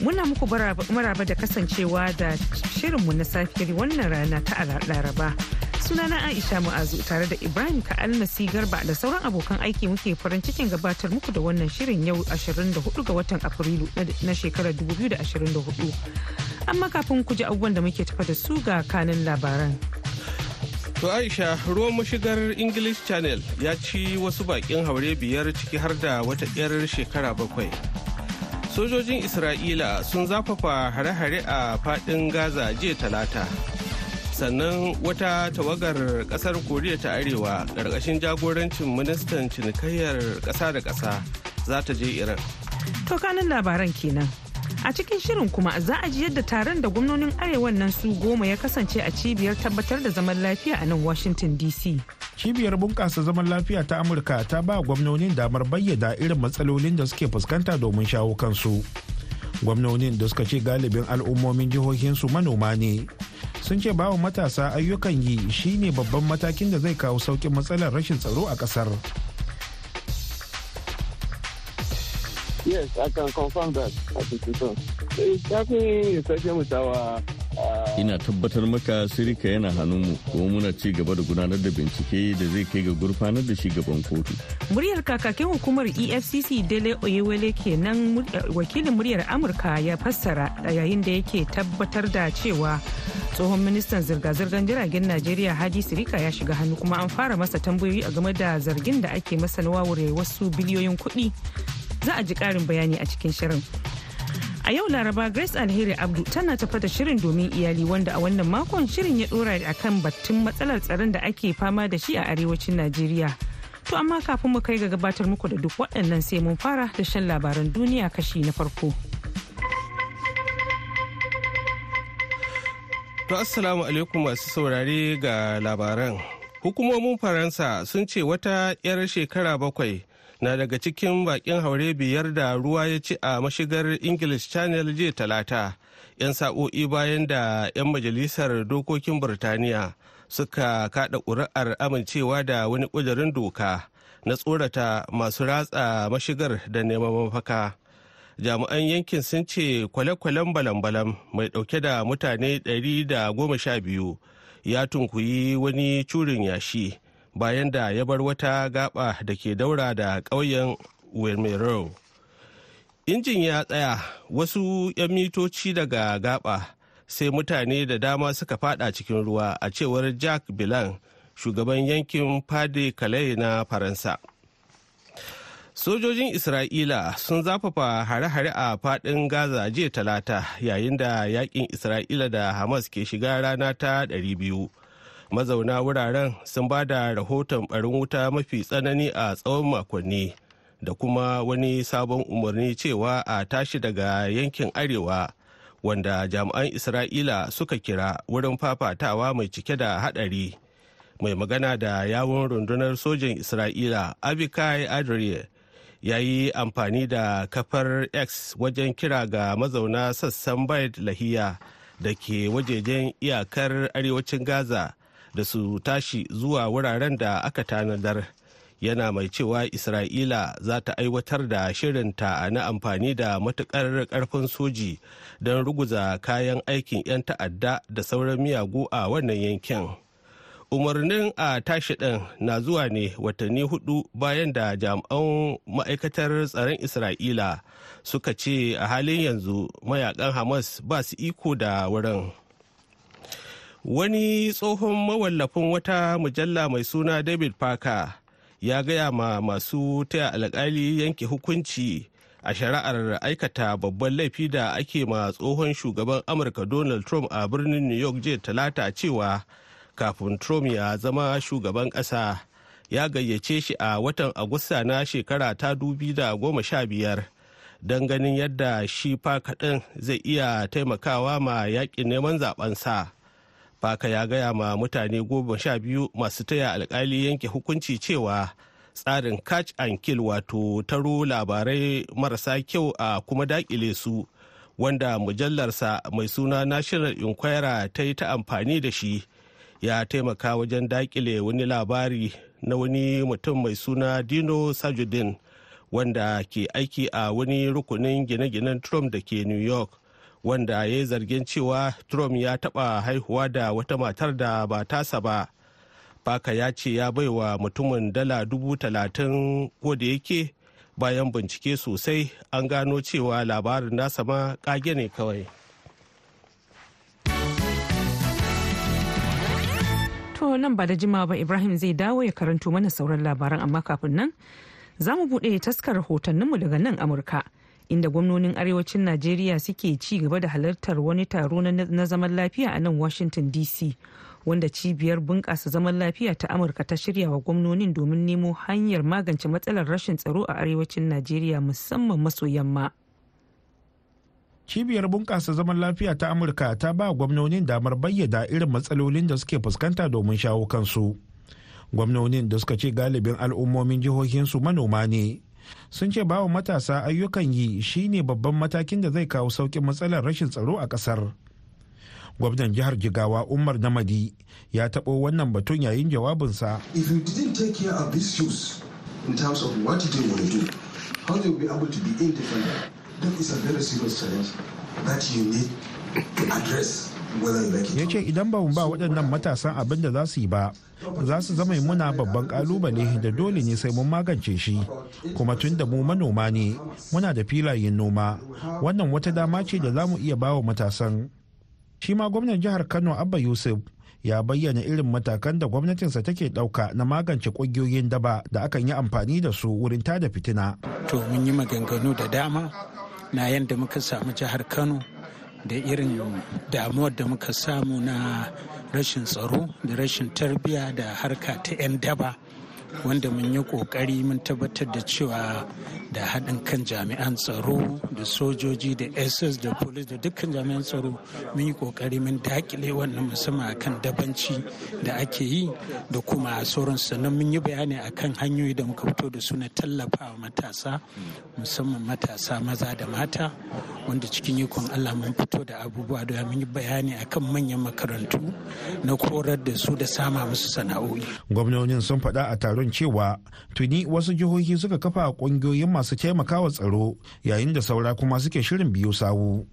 Muna muku maraba da kasancewa da shirinmu na safiyar wannan rana ta Laraba. Sunana Aisha Mu'azu tare da Ibrahim Ka'almasi Garba da sauran abokan aiki muke farin cikin gabatar muku da wannan shirin yau 24 ga watan Afrilu na shekarar 2024. Amma kafin ku ji abubuwan da muke tafa da su ga kanin labaran. To Aisha ruwan mashigar English Channel ya ci wasu bakin haure biyar ciki har da wata 'yar shekara bakwai. sojojin isra'ila sun zafafa hare-hare a fadin gaza jiya talata sannan wata tawagar kasar koriya ta arewa ƙarƙashin jagorancin ministan cinikayyar ƙasa da ƙasa za ta je iran to kanin labaran kenan a cikin shirin kuma za a ji yadda taron da gwamnonin arewa nan su goma ya kasance a cibiyar tabbatar da zaman lafiya a nan washington dc cibiyar bunƙasa zaman lafiya ta amurka ta ba gwamnonin damar bayyana irin matsalolin da suke fuskanta domin shawo kansu gwamnonin da suka ce galibin al'ummomin jihohin su manoma ne sun ce bawa matasa ayyukan yi shine babban matakin da zai kawo saukin matsalar rashin tsaro a ƙasar Yes, I can confirm that eh, a ah, ina tabbatar maka sirika yana hannunmu kuma muna ci gaba da gudanar da bincike da zai kai ga gurfanar da shi gaban kotu. muryar kakakin hukumar efcc dele oyewele kenan eh, wakilin muryar amurka ya fassara yayin da yake tabbatar da cewa tsohon ministan zirga-zirgar jiragen najeriya hadi sirika ya shiga hannu kuma an fara masa tambayoyi a game da zargin da ake masa na wasu biliyoyin kuɗi za a ji karin bayani a cikin shirin. A yau Laraba Grace Alheri Abdu tana tafa da shirin domin iyali wanda a wannan makon shirin ya dora a kan battun matsalar tsaron da ake fama da shi a arewacin Najeriya. To amma kafin mu kai ga gabatar muku da duk waɗannan sai mun fara da shan labaran duniya kashi na farko. To assalamu alaikum masu saurare ga labaran. Hukumomin Faransa sun ce wata 'yar shekara bakwai na daga cikin bakin haure biyar da ruwa ya ci a mashigar english channel jiya talata 'yan sa'o'i bayan da 'yan majalisar dokokin birtaniya suka kada ƙuri'ar amincewa da wani ƙudurin doka na tsorata masu ratsa mashigar da neman mafaka jami'an yankin sun ce kwale-kwalen balam-balam mai ɗauke da mutane 112 ya tunkuyi wani curin yashi bayan da ya bar wata gaba da ke daura da ƙauyen wilmero injin ya tsaya wasu 'yan mitoci daga gaba sai mutane da dama suka fada cikin ruwa a cewar jack bilan shugaban yankin fadi calais na faransa sojojin isra'ila sun zafafa hare-hare a fadin gaza jiya talata yayin da yakin isra'ila da hamas ke shiga rana ta 200 mazauna wuraren sun ba da rahoton barin wuta mafi tsanani a tsawon makonni da kuma wani sabon umarni cewa a tashi daga yankin arewa wanda jami'an isra'ila suka kira wurin fafatawa mai cike da hadari mai magana da yawon rundunar sojin isra'ila abikai adrie ya yi amfani da kafar x wajen kira ga mazauna sassan bayt lahiya da ke wajejen iyakar arewacin gaza da su tashi zuwa wuraren da aka tanadar yana mai cewa isra'ila za ta aiwatar da shirinta na amfani da matukar ƙarfin soji don ruguza kayan aikin 'yan ta'adda da sauran miyagu a wannan yankin umarnin a tashi ɗin na zuwa ne watanni hudu bayan da jami'an ma'aikatar tsaron isra'ila suka ce a halin yanzu mayakan hamas ba su iko da wurin. wani tsohon mawallafin wata mujalla mai suna david parker ya gaya ma masu taya alkali yanke hukunci a shari'ar aikata babban laifi da ake ma tsohon shugaban amurka donald trump a birnin new york jiya talata cewa kafin trump ya zama shugaban ƙasa ya gayyace shi a watan agusta na shekara ta dubi da goma sha biyar don ganin yadda shi fa kaɗan zai iya taimakawa ma yaƙin neman zaɓensa Faka ya gaya ma mutane goma sha biyu masu taya alkali yanke hukunci cewa tsarin catch and kill wato taro labarai marasa kyau a kuma dakile su wanda mujallarsa mai suna National Inquirer ta yi ta amfani da shi ya taimaka wajen dakile wani labari na wani mutum mai suna Dino Sajudin wanda ke aiki a wani rukunin gine-ginen Trump da ke New York. wanda ya yi zargin cewa trump ya taɓa haihuwa da wata matar da ba tasa ba baka ya ce ya baiwa mutumin dala dubu talatin ko da yake bayan bincike sosai an gano cewa labarin nasa ma kage ne kawai to nan ba da jima ba ibrahim zai dawo ya karanto mana sauran labaran amma kafin nan za mu buɗe taskar hotonninmu daga nan amurka inda gwamnonin arewacin najeriya suke ci gaba da halartar wani taro na zaman lafiya a nan washington dc wanda cibiyar bunƙasa zaman lafiya ta amurka ta shirya wa gwamnonin domin nemo hanyar magance matsalar rashin tsaro a arewacin najeriya musamman maso yamma cibiyar bunƙasa zaman lafiya ta amurka ta ba gwamnonin damar bayyana irin matsalolin da suke fuskanta domin shawo kansu gwamnonin da suka ce galibin al'ummomin jihohinsu manoma ne sun ce bawa matasa ayyukan yi shine babban matakin da zai kawo sauƙin matsalar rashin tsaro a ƙasar. gwamnan jihar jigawa umar namadi ya taɓo wannan batun yayin jawabinsa if you didn't take care of these youths in terms of what they want to do how they will be able to be independent that is a very serious challenge that you need ya ce idan ba mu ba waɗannan matasan abin da za su yi ba za su zama muna babban kalubale da dole ne sai mun magance shi kuma tun da mu manoma ne muna da filayen noma wannan wata dama ce da za mu iya bawa matasan shi ma gwamnan jihar kano abba yusuf ya bayyana irin matakan da gwamnatinsa take ɗauka na magance ƙungiyoyin daba da akan yi amfani da su wurin tada fitina. To mun yi maganganu da dama na yadda muka samu jihar Kano da irin damuwar da muka samu na rashin tsaro da rashin tarbiyya da harka ta 'yan daba wanda mun yi ƙoƙari mun tabbatar da cewa da haɗin kan jami'an tsaro da sojoji da ss da polis da dukkan jami'an tsaro mun yi ƙoƙari mun dakile wannan musamman akan dabanci da ake yi da kuma sauran sannan mun yi bayani akan hanyoyi da muka fito da su na tallafawa matasa musamman matasa maza da mata wanda cikin ikon allah mun fito da abubuwa da mun yi bayani akan manyan makarantu na korar da su da sama musu sana'o'i gwamnonin sun faɗa a taron tsaron cewa tuni wasu jihohi suka kafa kungiyoyin masu taimakawa tsaro yayin da saura kuma suke shirin biyu sawu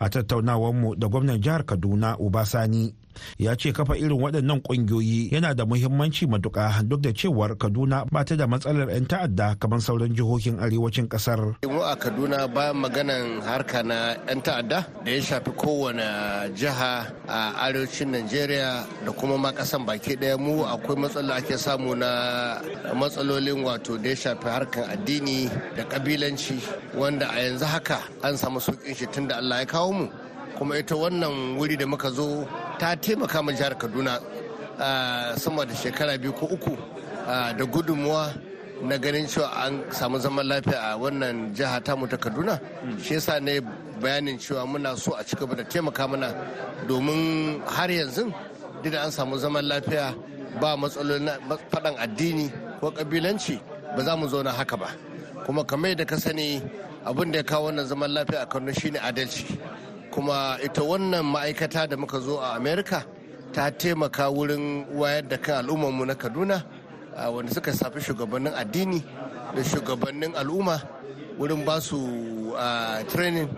a tattaunawarmu da gwamnan jihar kaduna ubasani ya ce kafa irin waɗannan ƙungiyoyi yana da muhimmanci matuƙa duk da cewar kaduna ba ta da matsalar 'yan ta'adda kamar sauran jihohin arewacin ƙasar. mu a kaduna bayan maganan harka na 'yan ta'adda da ya shafi kowane jiha a arewacin najeriya da kuma ma ƙasan baki ɗaya mu akwai matsala ake samu na matsalolin wato da ya shafi harkar addini da kabilanci wanda a yanzu haka an samu sauƙin shi tun da allah ya kawo mu kuma ita wannan wuri da muka zo ta taimaka ma jihar kaduna sama da shekara biyu ko uku da gudunmuwa na ganin cewa an samu zaman lafiya a wannan jiha tamu ta kaduna shi yasa ne bayanin cewa muna so a cigaba da taimaka mana domin har yanzu duk an samu zaman lafiya ba matsalolin faɗan addini ko kabilanci ba za mu zauna haka ba kuma kamar da ka sani abin da ya kawo wannan zaman lafiya a kaduna shine adalci kuma ita wannan ma'aikata da muka zo a america ta taimaka wurin wayar da kan al'ummarmu na kaduna wanda suka safi shugabannin addini da shugabannin al'umma wurin ba su training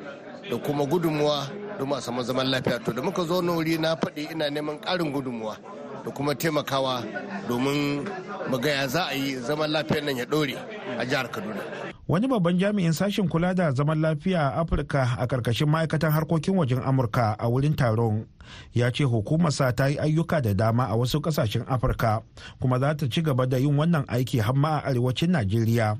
da kuma gudunmuwa domin a samu zaman lafiya to da muka zo na wuri na faɗi ina neman ƙarin gudunmuwa da kuma taimakawa domin mu ga za a yi zaman lafiyar nan ya ɗore a jihar kaduna wani babban jami'in sashen kula da zaman lafiya a afirka a karkashin ma'aikatan harkokin wajen amurka a wurin taron ya ce hukumarsa ta yi ayyuka da dama a wasu kasashen afirka kuma za ta ci gaba da yin wannan aiki har ma a arewacin najeriya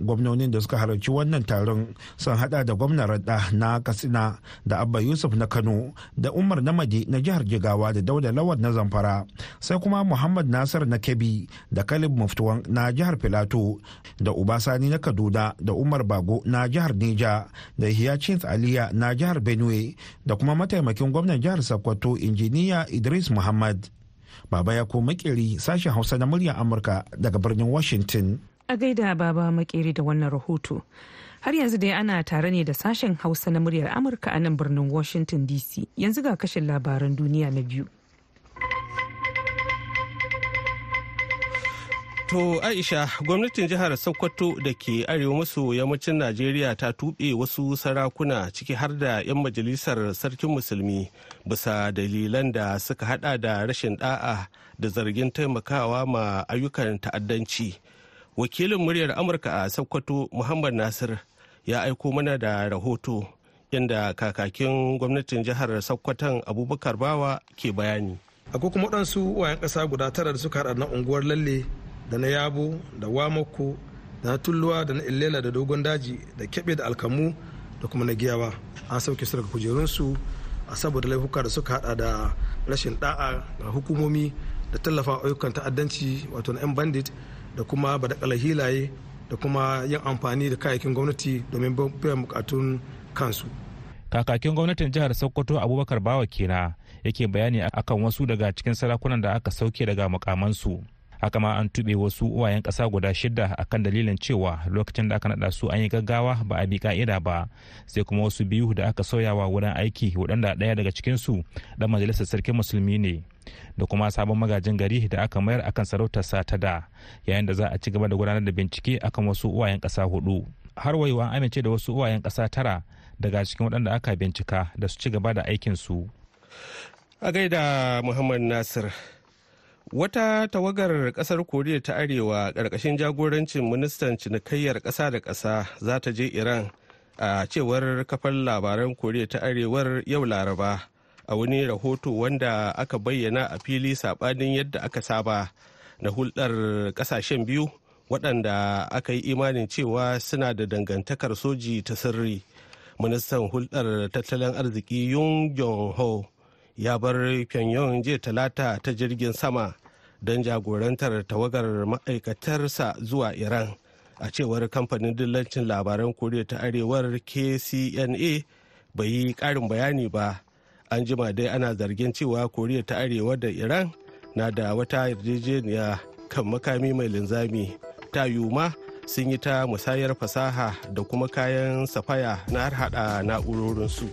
gwamnonin da suka halarci wannan taron sun hada da gwamnan radda na katsina da abba yusuf na kano da umar namadi na jihar jigawa da dauda lawal na zamfara sai kuma muhammad nasir na kebbi da kalib muftuwan na jihar filato da ubasani na kaduna da umar bago na jihar neja da hiyacins aliya na jihar benue da kuma mataimakin gwamnan jihar sokoto injiniya idris muhammad baba ya ko makeri sashen hausa na murya amurka daga birnin washington A gaida baba makeri da wannan rahoto. Har yanzu dai ana tare ne da sashen Hausa na muryar Amurka a nan birnin Washington DC. Yanzu ga kashin labaran duniya na biyu. To Aisha, gwamnatin jihar Sokoto da ke arewa maso yammacin Najeriya ta tuɓe wasu sarakuna ciki har da 'yan majalisar sarkin musulmi bisa dalilan da suka hada da rashin da'a da zargin taimakawa ma ayyukan ta'addanci. wakilin muryar amurka a sokoto muhammad nasir ya aiko mana da rahoto inda kakakin gwamnatin jihar sokoton abubakar bawa ke bayani akwai kuma waɗansu wayan ƙasa guda tara da suka haɗa na unguwar lalle da na yabo da wamako da na tulluwa da na illela da dogon daji da keɓe da alkamu da kuma na giyawa an sauke su daga kujerunsu a saboda laifuka da suka hada da rashin da'a ga hukumomi da tallafa ayyukan ta'addanci wato na 'yan bandit da kuma da hilaye da kuma yin amfani da kayayyakin gwamnati domin biyan bukatun kansu kakakin gwamnatin jihar sokoto abubakar bawa kina yake bayani akan wasu daga cikin sarakunan da aka sauke daga mukamansu haka ma an tuɓe wasu uwayen ƙasa guda shida akan dalilin cewa lokacin da aka naɗa su an yi gaggawa ba a bi ka'ida ba sai kuma wasu biyu da aka sauyawa wurin aiki waɗanda ɗaya daga cikinsu ɗan majalisar sarkin musulmi ne da kuma sabon magajin gari da aka mayar akan sarautar sata da yayin da za a ci gaba da gudanar da bincike akan wasu uwayen kasa hudu har an amince da wasu uwayen kasa tara daga cikin waɗanda aka bincika da su ci gaba da aikinsu a gaida muhammad nasir wata tawagar kasar koriya ta arewa ƙarƙashin jagorancin ministan cinikayyar ƙasa da ƙasa za ta je iran a cewar kafar labaran koriya ta arewar yau laraba a wani rahoto wanda aka bayyana a fili saɓanin yadda aka saba na hulɗar ƙasashen biyu waɗanda aka yi imanin cewa suna da dangantakar soji ta sirri ministan hulɗar tattalin arziki yun ho ya bar pyongyang jiya talata ta jirgin sama don jagorantar tawagar ma'aikatarsa zuwa iran a cewar kamfanin dillancin labaran koriya ta arewar kcna bai yi ƙarin bayani ba an jima dai ana zargin cewa koriya ta arewa da iran na da wata yarjejeniya kan makami mai linzami ta yuma sun yi ta musayar fasaha da kuma kayan safaya na har hada na'urorinsu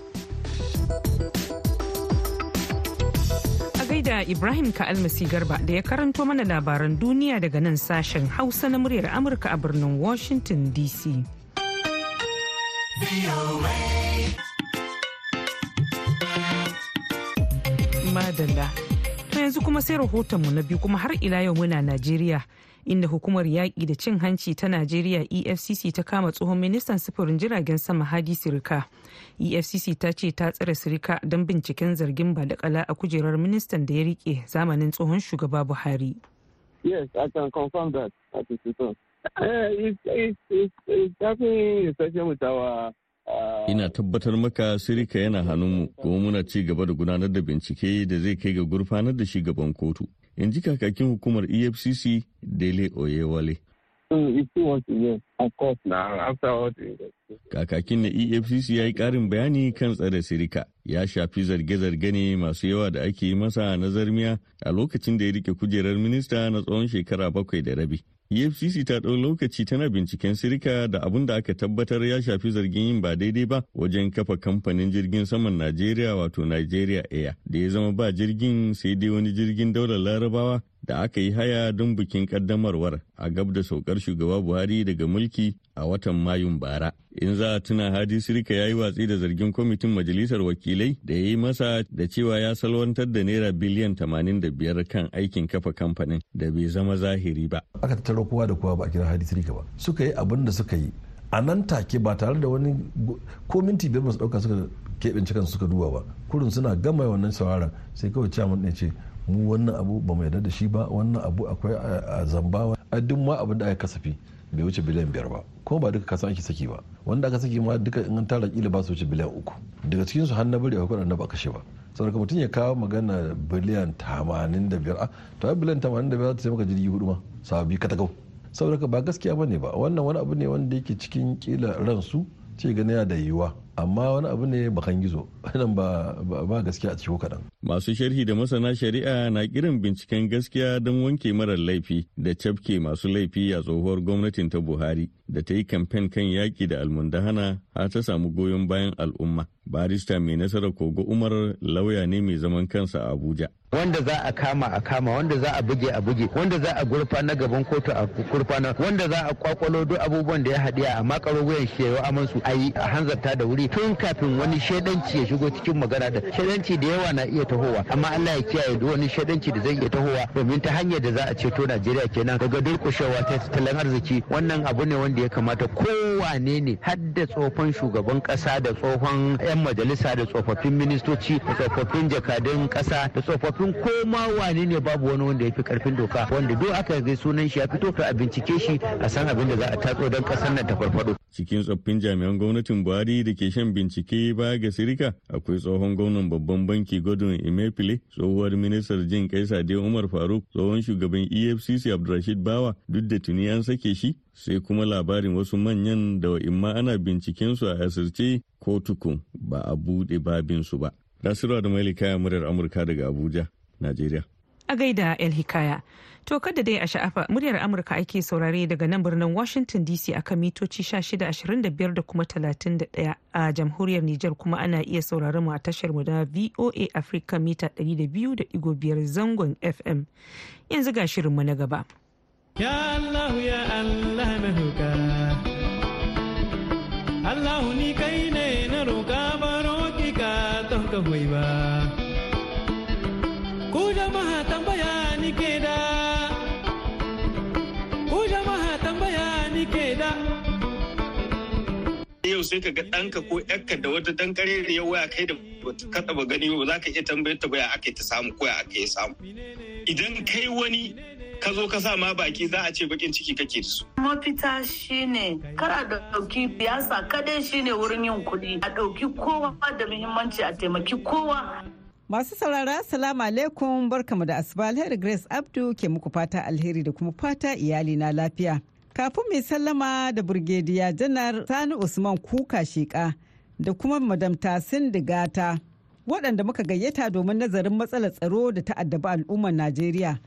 a gaida ibrahim ka'almasi garba da ya karanto mana labaran duniya daga nan sashen hausa na muryar amurka a birnin washington dc madalla. To yanzu kuma sai rahotonmu na biyu kuma har ila yau muna Najeriya. Inda hukumar yaƙi da cin hanci ta Najeriya EFCC ta kama tsohon ministan sufurin jiragen sama Hadi Sirika. EFCC ta ce ta tsare Sirika don binciken zargin ba badakala a kujerar ministan da ya rike zamanin tsohon shugaba Buhari. Yes, I can confirm that. that is it. Uh, eh, it's, it's, it's, it's it's Ina tabbatar maka sirika yana hannunmu kuma muna ci gaba da gudanar da bincike da zai kai ga gurfanar da shi gaban kotu. In ji kakakin hukumar EFCC Dele Oyewale. Mm, kakakin na EFCC ya yi ƙarin bayani kan tsare sirika. Ya shafi zarge-zarge ne masu yawa da ake yi masa na zarmiya a lokacin da ya rike kujerar minista na tsawon shekara bakwai da rabi. efcc ta ɗau lokaci tana binciken sirika da abin da aka tabbatar ya shafi zargin yin ba daidai ba wajen kafa kamfanin jirgin saman najeriya wato nigeria air da ya zama ba jirgin sai dai wani jirgin daular larabawa da aka yi haya don bikin kaddamarwar a gab da saukar shugaba buhari daga mulki a watan mayun bara in za a tuna hadi sirika ya yi watsi da zargin kwamitin majalisar wakilai da ya yi masa da cewa ya salwantar da naira biliyan 85 kan aikin kafa kamfanin da bai zama zahiri ba aka tattaro kowa da kowa ba a kira hadi sirika ba suka yi abin da suka yi a nan take ba tare da wani ko minti biyar masu dauka suka keɓin cikin suka duba ba kurin suna gama wannan sauraron sai kawai cewa ɗin ce mu wannan abu ba mu yarda da shi ba wannan abu akwai a zambawa a duk ma abin da aka kasafi bai wuce biliyan biyar ba kuma ba duka kasan ake saki ba wanda aka saki ma duka in tara kila ba su wuce biliyan uku daga cikin su har na bari akwai kuɗin da ba kashe ba mutum ya kawo magana biliyan tamanin da biyar to ai biliyan tamanin da biyar ta taimaka jirgi hudu ma sababi katakau saboda ba gaskiya ba ne ba wannan wani abu ne wanda yake cikin kila ransu ce gani yana da yiwuwa amma wani abu ne bakan gizo nan ba gaskiya a ciwo kaɗan Masu sharhi da masana shari'a na kiran binciken gaskiya don wanke marar laifi da cafke masu laifi a tsohuwar gwamnatin ta Buhari da ta yi kamfen kan yaƙi da almundahana har ta samu goyon bayan al'umma. Barista mai nasarar Kogo Umar lauya ne mai zaman kansa a Abuja. wanda za a kama a kama wanda za a buge a buge wanda za a na gaban kotu a na wanda za a kwakwalo duk abubuwan da ya haɗe a makaro wuyan shi a aman su ayi a hanzarta da wuri tun kafin wani shaidanci ya shigo cikin magana da shaidanci da yawa na iya tahowa amma Allah ya kiyaye duk wani shaidanci da zai iya tahowa domin ta hanyar da za a ceto Najeriya kenan daga durƙushewa ta tattalin arziki wannan abu ne wanda ya kamata kowane ne har da tsohon shugaban ƙasa da tsohon 'yan majalisa da tsofaffin ministoci da tsofaffin jakadun ƙasa da tsofaffin koma wane ne babu wani wanda ya fi karfin doka wanda duk aka ga sunan shi ya fito to a bincike shi a san abin da za a tatso don ƙasar nan ta farfado. cikin tsoffin jami'an gwamnatin buhari da ke shan bincike ba ga sirika akwai tsohon gwamnan babban banki godwin emefile tsohuwar ministar jin kai sade umar faruk tsohon shugaban efcc abdulrashid bawa duk da tuni an sake shi sai kuma labarin wasu manyan da wa'imma ana bincikensu a asirce ko tukun ba a buɗe babinsu ba nasiru da mailika muryar amurka daga abuja najeriya a gaida El Hikaya. To kada dai a sha'afa muryar Amurka ake saurare daga nan birnin Washington DC a kan mitoci 1625 da kuma 31 a jamhuriyar Nijar kuma ana iya saurare mu a tashar mu na VOA Africa mita 200.5 zangon FM. Yanzu ga shirinmu na gaba. Ya Allah ya Allah na roƙa. Allah ni kai ne na roka baro ki ka don ka ba. ku jama'a tambaya ke da yau sai ka ga ɗanka ko ƴakka da wata da ya waya kai da kaɗa ba gani ba za ka iya tambayar ta baya aka ta samu ko ya aka yi samu idan kai wani ka zo ka sa ma baki za a ce bakin ciki kake da su. Mafita shine kara da ɗauki biyasa kadai shine wurin yin kuɗi a ɗauki kowa da muhimmanci a taimaki kowa Masu saurara salamu alaikum barkamu da asuba alheri Grace Abdu ke muku fata alheri da kuma fata iyali na lafiya. Kafin mai sallama da Burgediya Janar Sani Usman Kuka Sheka da kuma Madam Tasin Digata waɗanda muka gayyata domin nazarin matsalar tsaro da ta'addaba al'ummar Najeriya.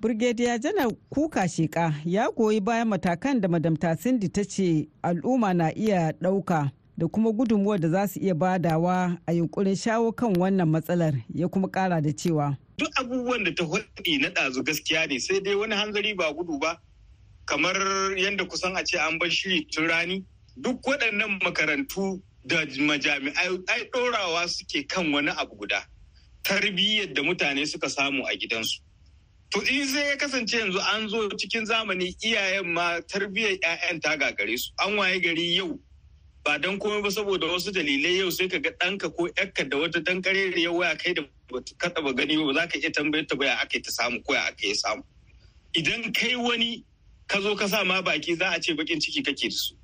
Burgediya Janar Kuka Sheka ya goyi bayan matakan da Madam Tasin ta ce al'umma na iya ɗauka. da kuma gudunmuwar da za su iya badawa a yunkurin shawo kan wannan matsalar ya kuma kara da cewa duk abubuwan da ta hulɗi na ɗazu gaskiya ne sai dai wani hanzari ba gudu ba kamar yadda kusan a ce an bar shiri tun rani duk waɗannan makarantu da majami'ai ai ɗorawa suke kan wani abu guda tarbiyyar da mutane suka samu a gidansu to in sai ya kasance yanzu an zo cikin zamani iyayen ma tarbiyyar 'ya'yan ta gagare su an waye gari yau ba don komai ba saboda wasu dalilai yau sai ka ga ɗanka ko ƴakka da wata dan ya waya kai da ka ba gani ba za ka iya tambayar ta baya aka yi ta samu ko aka yi samu idan kai wani ka zo ka sa ma baki za a ce bakin ciki kake da su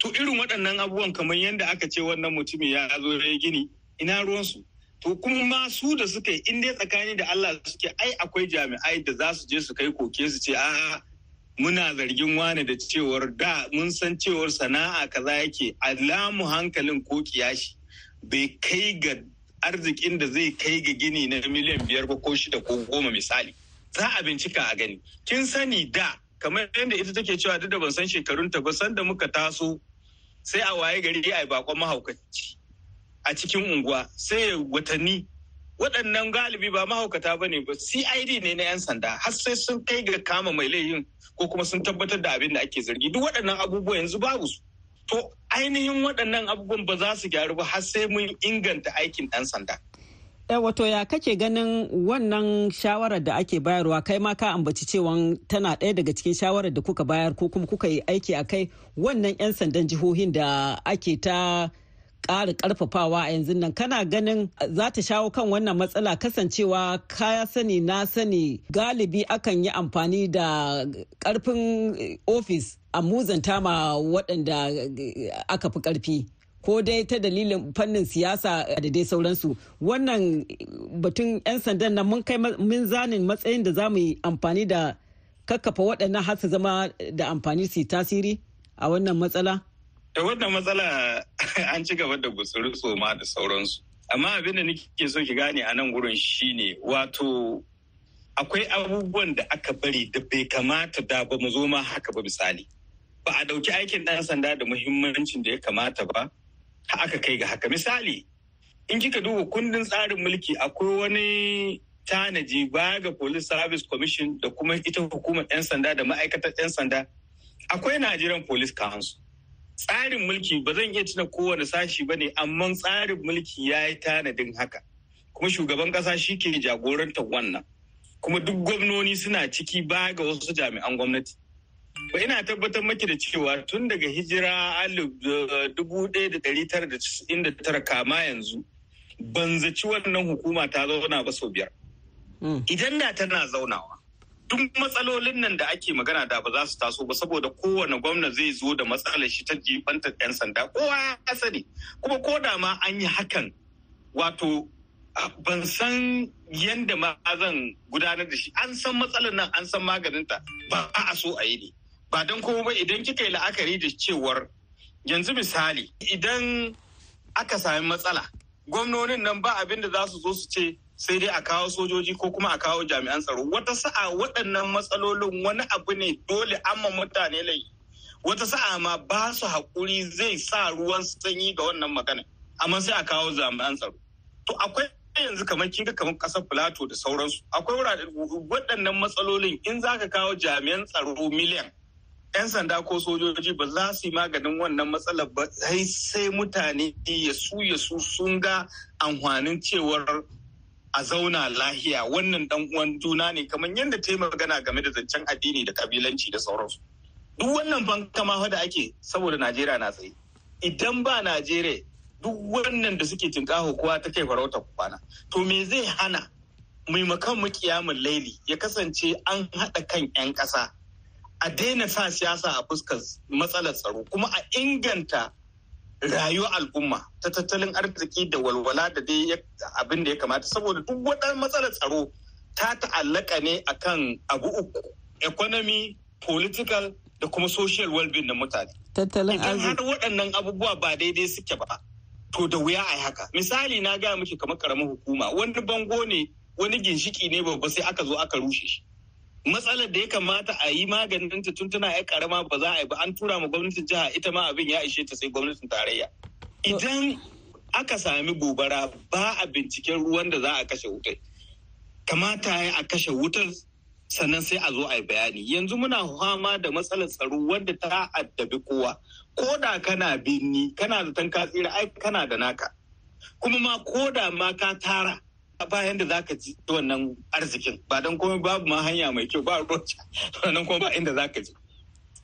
to irin waɗannan abubuwan kamar yadda aka ce wannan mutumin ya zo ya gini ina ruwansu to kuma ma su da suka yi in dai tsakani da Allah suke ai akwai jami'ai da za su je su kai koke su ce a'a muna zargin wani da cewar da mun san cewar sana'a kaza yake alamu hankalin ko kiyashi bai kai ga arzikin da zai kai ga gini na miliyan biyar ko shida ko goma misali za a bincika a gani kin sani da kamar yadda ita take cewa duk da ban san shekarun ta ba san da muka taso sai a waye gari a yi bakon mahaukaci a cikin unguwa sai watanni waɗannan galibi ba mahaukata ba ne ba cid ne na 'yan sanda har sai sun kai ga kama mai laifin ko kuma sun tabbatar da abin da ake zargi duk waɗannan abubuwa yanzu babu su to ainihin waɗannan abubuwan ba za su gyaru ba har sai mun inganta aikin ɗan sanda eh, wato ya kake ganin wannan shawarar da ake bayarwa kai ma ka ambaci cewa tana ɗaya daga cikin shawarar da kuka bayar ko kuma kuka yi aiki a kai wannan 'yan sandan jihohin da ake ta ƙara ƙarfafawa a yanzu nan kana ganin za ta shawo kan wannan matsala kasancewa kaya sani na sani galibi akan yi amfani da ƙarfin ofis a muzanta ma waɗanda aka fi ƙarfi ko dai ta dalilin fannin siyasa da dai sauransu wannan batun 'yan sandan nan mun kai mun zanin matsayin da za mu yi amfani da kakkafa waɗannan har zama da amfani su tasiri a wannan matsala? Da wannan matsala an ci gaba da gutsuri ma da sauransu. Amma abin da nake so ki gane a nan gurin shine wato akwai abubuwan da aka bari da bai kamata da ba mu zo ma haka ba misali. Ba a ɗauki aikin ɗan sanda da muhimmancin da ya kamata ba, Ha aka kai ga haka. Misali, in kika duba kundin tsarin mulki akwai wani tanaji baya ga police service commission da kuma ita hukumar 'yan sanda da ma'aikatar 'yan sanda akwai nigerian police council tsarin mulki ba zan iya tuna kowane sashi ba ne amma tsarin mulki ya yi tanadin haka kuma shugaban kasa shi ke jagorantar wannan kuma duk gwamnoni suna ciki ba ga wasu jami'an gwamnati ba ina tabbatar maki da cewa tun daga hijira eh, tara, kama yanzu ban zaci wannan hukuma ta zauna ba sau biyar hmm. idan da tana zaunawa duk matsalolin nan da ake magana da ba za su taso ba saboda kowane gwamna zai zo da matsalar shi ta jibanta 'yan sanda kowa ya sani kuma ko da ma an yi hakan wato ban san yadda ma zan gudanar da shi an san matsalar nan an san maganinta ba a so a yi ne ba don kowa ba idan kika yi la'akari da cewar yanzu misali idan aka sami matsala gwamnonin nan ba abin da za su zo su ce sai dai a kawo sojoji ko kuma a kawo jami'an tsaro wata sa'a waɗannan matsalolin wani abu ne dole amma mutane lai wata sa'a ma ba su haƙuri zai sa ruwan sanyi ga wannan magana amma sai a kawo jami'an tsaro to akwai yanzu kamar kinga kamar ƙasar filato da sauransu akwai waɗannan matsalolin in za ka kawo jami'an tsaro miliyan 'yan sanda ko sojoji ba za su yi maganin wannan matsalar ba sai mutane ya su ya su sun ga amfanin cewar a zauna lahiya wannan dan uwan juna ne kamar yadda ta yi magana game da zancen addini da kabilanci da sauransu duk wannan fankama da ake saboda najeriya na tsaye idan ba najeriya duk wannan da suke tinkaho kowa ta kai farauta kwana to me zai hana maimakon mu kiyamun laili ya kasance an haɗa kan 'yan ƙasa a daina sa siyasa a fuskar matsalar tsaro kuma a inganta rayuwar al'umma ta tattalin arziki da walwala da dai abin da ya kamata saboda duk waɗannan matsalar tsaro ta ta'allaka ne akan abu uku economy political da kuma social well-being na mutane tattalin arziki idan har waɗannan abubuwa ba daidai suke ba to da wuya a haka misali na gaya miki kamar karamin hukuma wani bango ne wani ginshiki ne babba sai aka zo aka rushe shi matsalar da ya kamata a yi maganin ta tun tana yar karama ba za a yi ba an tura ma gwamnatin jiha ita ma abin ya ishe ta sai gwamnatin tarayya idan aka sami gobara ba a binciken ruwan da za a kashe wutar kamata ya a kashe wutar sannan sai a zo a yi bayani yanzu muna fama da matsalar tsaro wanda ta addabi kowa ko da kana binni kana da tankatsira tsira ai kana da naka kuma ma ko da ma ka tara bayan da zaka ji wannan arzikin ba don komai babu ma hanya mai kyau ba rocha wannan kuma ba inda ka ji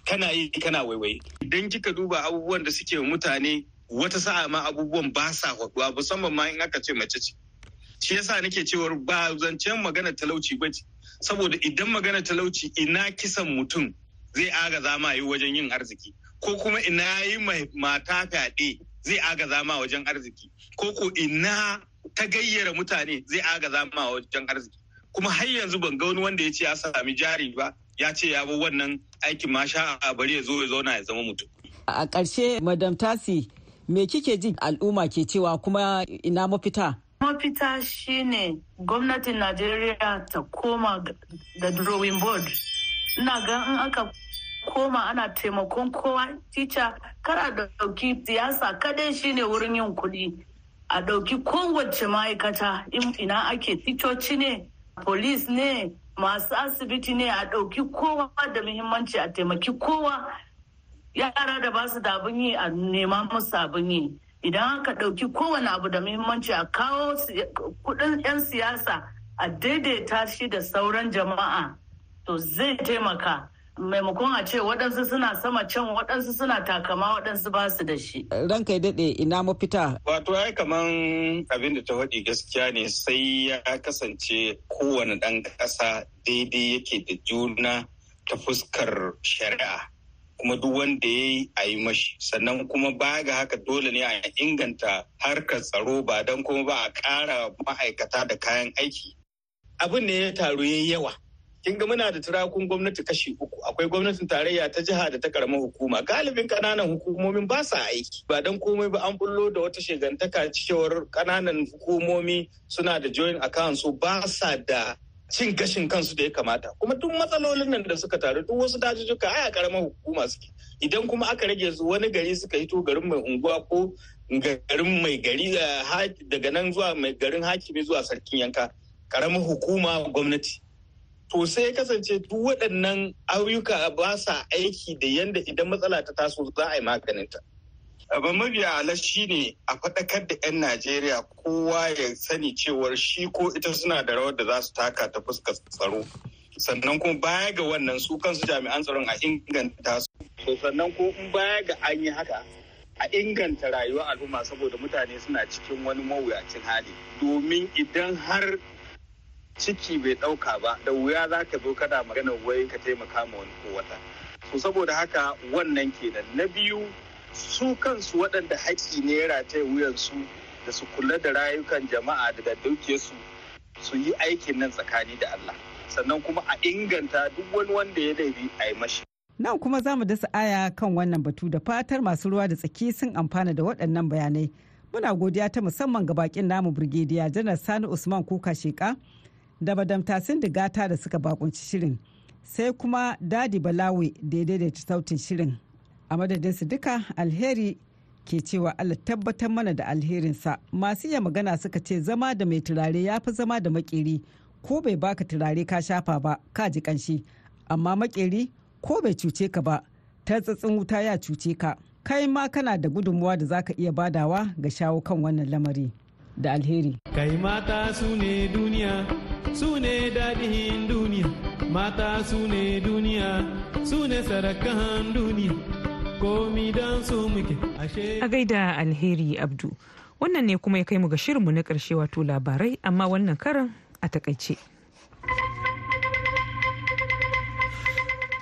kana yi kana waiwaye idan kika duba abubuwan da suke mutane wata sa'a ma abubuwan ba sa haɗuwa musamman ma in aka ce mace ce shi yasa nake cewar ba zancen magana talauci ba ce saboda idan magana talauci ina kisan mutum zai aga zama yi wajen yin arziki ko kuma ina yi mata fyaɗe zai aga zama wajen arziki ko ko ina ta gayyara mutane zai aga a wajen arziki kuma har yanzu ban ga wani wanda ya ce ya sami jari ba ya ce ya bi wannan aikin ma sha a bari ya zo ya zauna ya zama mutum a ƙarshe madam tasi me kike ji al'umma ke cewa kuma ina mafita mafita shine gwamnatin najeriya ta koma da drawing board ina ga in aka koma ana taimakon kowa tica kara da dauki siyasa kadai shine wurin yin kuɗi a ɗauki kowace ma'aikata ina ake fitoci ne polis ne masu asibiti ne a ɗauki kowa da muhimmanci a taimaki kowa yara da ba su da abin yi a nema musu abin yi idan aka ɗauki kowane abu da muhimmanci a kawo kudin 'yan siyasa a daidaita shi da sauran jama'a to zai taimaka maimakon a ce waɗansu suna sama can waɗansu suna takama waɗansu ba su da shi. Ranka ya daɗe ina mafita. Wato ai kaman abin da ta faɗi gaskiya ne sai ya kasance kowane ɗan ƙasa daidai yake da juna ta fuskar shari'a. kuma duk wanda ya yi a yi mashi sannan kuma ba ga haka dole ne a inganta harkar tsaro ba don kuma ba a ƙara ma'aikata da kayan aiki abin ne ya taru ya yawa kin ga muna da turakun gwamnati kashi uku akwai gwamnatin tarayya ta jiha da ta karamar hukuma galibin kananan hukumomin ba sa aiki ba dan komai ba an bullo da wata shegantaka cewar kananan hukumomi suna da join account so. ba sa da cin gashin kansu da ya kamata kuma duk matsalolin nan da suka taru duk wasu dajujjuka a karamin hukuma suke idan kuma aka rage su wani gari suka hito garin mai unguwa ko garin mai gari eh, daga nan zuwa mai garin hakimi zuwa sarkin yanka karamin hukuma gwamnati to sai ya kasance duk waɗannan ayyuka ba sa aiki da yanda idan matsala ta taso za a yi maganinta. Abin mabiya alas shi ne a faɗakar da 'yan Najeriya kowa ya sani cewar shi ko ita suna da rawar da za su taka ta fuskar tsaro. Sannan kuma baya ga wannan su kansu jami'an tsaron a inganta su. Sannan ko in baya ga an yi haka a inganta rayuwar al'umma saboda mutane suna cikin wani mawuyacin hali. Domin idan har ciki bai ɗauka ba da wuya za ka zo kana magana wai ka taimaka ma wani ko wata saboda haka wannan kenan na biyu su kansu waɗanda haƙƙi ne ya rataye wuyansu da su kula da rayukan jama'a da da su su yi aikin nan tsakani da Allah sannan kuma a inganta duk wani wanda ya dabi a yi mashi. Nan kuma za mu dasa aya kan wannan batu da fatar masu ruwa da tsaki sun amfana da waɗannan bayanai. Muna godiya ta musamman ga bakin namu Birgediya Janar Sani Usman Kuka Sheka da sun digata da suka bakunci shirin sai kuma dadi balawe da ta sautin shirin a madadinsu duka alheri ke cewa allah tabbatar mana da alherinsa masu iya magana suka ce zama da mai turare ya fi zama da makeri ko bai baka turare ka shafa ba ka ji kanshi amma makeri ko bai cuce ka ba tatsatsin wuta ya cuce ka kai ma kana da gudunmuwa da zaka iya badawa ga shawo kan wannan lamari da alheri kai mata su ne duniya su ne duniya mata su ne duniya su ne sarakan duniya komi don su muke ashe a gaida alheri abdu wannan ne kuma ya kai mu ga shirinmu na karshe wato labarai amma wannan karan a takaice.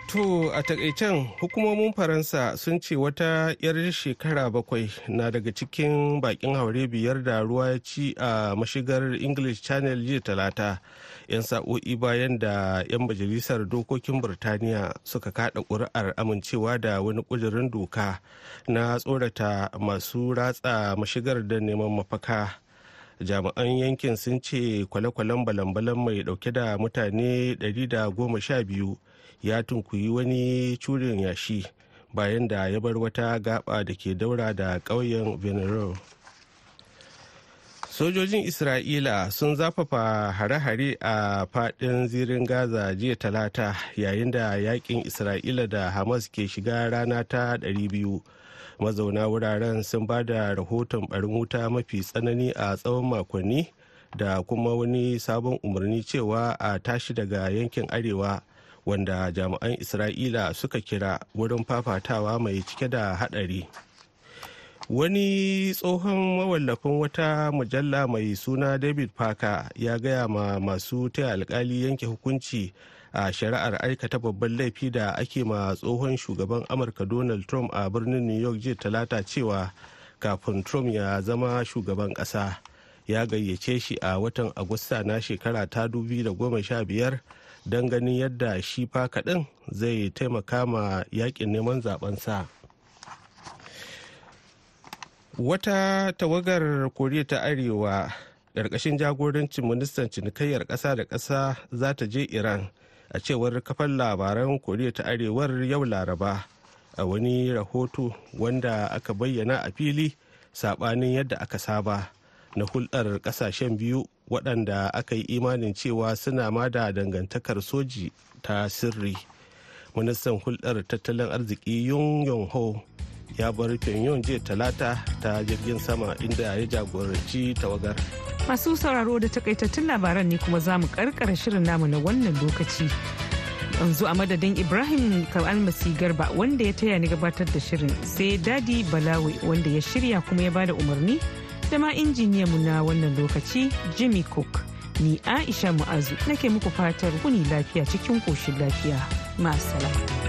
To a takaicen hukumomin Faransa sun ce wata 'yar shekara bakwai na daga cikin bakin haure biyar da ruwa ya ci a mashigar English Channel jiya talata 'yan sa'o'i bayan da 'yan majalisar dokokin burtaniya suka kada ƙuri'ar amincewa da wani ƙudurin doka na tsorata masu ratsa mashigar da neman mafaka. jami'an yankin sun ce kwale-kwalen balambalan mai dauke da mutane 112 ya tunkuyi wani curin yashi bayan da ya bar wata gaba da ke daura da ƙauyen venero sojojin isra'ila sun zafafa hare-hare a fadin zirin gaza jiya talata yayin da yakin isra'ila da hamas ke shiga rana ta 200 mazauna wuraren sun ba da rahoton barin wuta mafi tsanani a tsawon makonni da kuma wani sabon umarni cewa a tashi daga yankin arewa wanda jami'an isra'ila suka kira wurin fafatawa mai cike da haɗari wani tsohon mawallafin wata mujalla mai suna david parker ya gaya ma masu taya alkali yanke hukunci a shari'ar aikata babban laifi da ake ma tsohon shugaban amurka donald trump a birnin new york jiya talata cewa kafin trump ya zama shugaban kasa ya gayyace shi a watan agusta na shekara ta 2015 don ganin yadda shi kaɗan zai taimaka ma yakin neman zabensa wata tawagar koriya ta arewa ƙarƙashin jagorancin ministan cinikayyar ƙasa da ƙasa za ta je iran a cewar kafan labaran koriya ta arewar yau laraba a wani rahoto wanda aka bayyana a fili saɓanin yadda aka saba na hulɗar ƙasashen biyu waɗanda aka yi imanin cewa suna ma da dangantakar soji ta sirri ministan hulɗar tattalin arziki yun ho ya bar pyongyang jiya talata ta jirgin sama inda ya jagoranci tawagar masu sauraro da takaitattun labaran ne kuma za mu karkara shirin namu na wannan lokaci yanzu a madadin ibrahim kalmasi garba wanda ya taya ni gabatar da shirin sai dadi balawi wanda ya shirya kuma ya bada umarni da ma mu na wannan lokaci Jimmy Cook. Ni Aisha Mu'azu nake muku fatar kuni lafiya cikin koshin lafiya. masala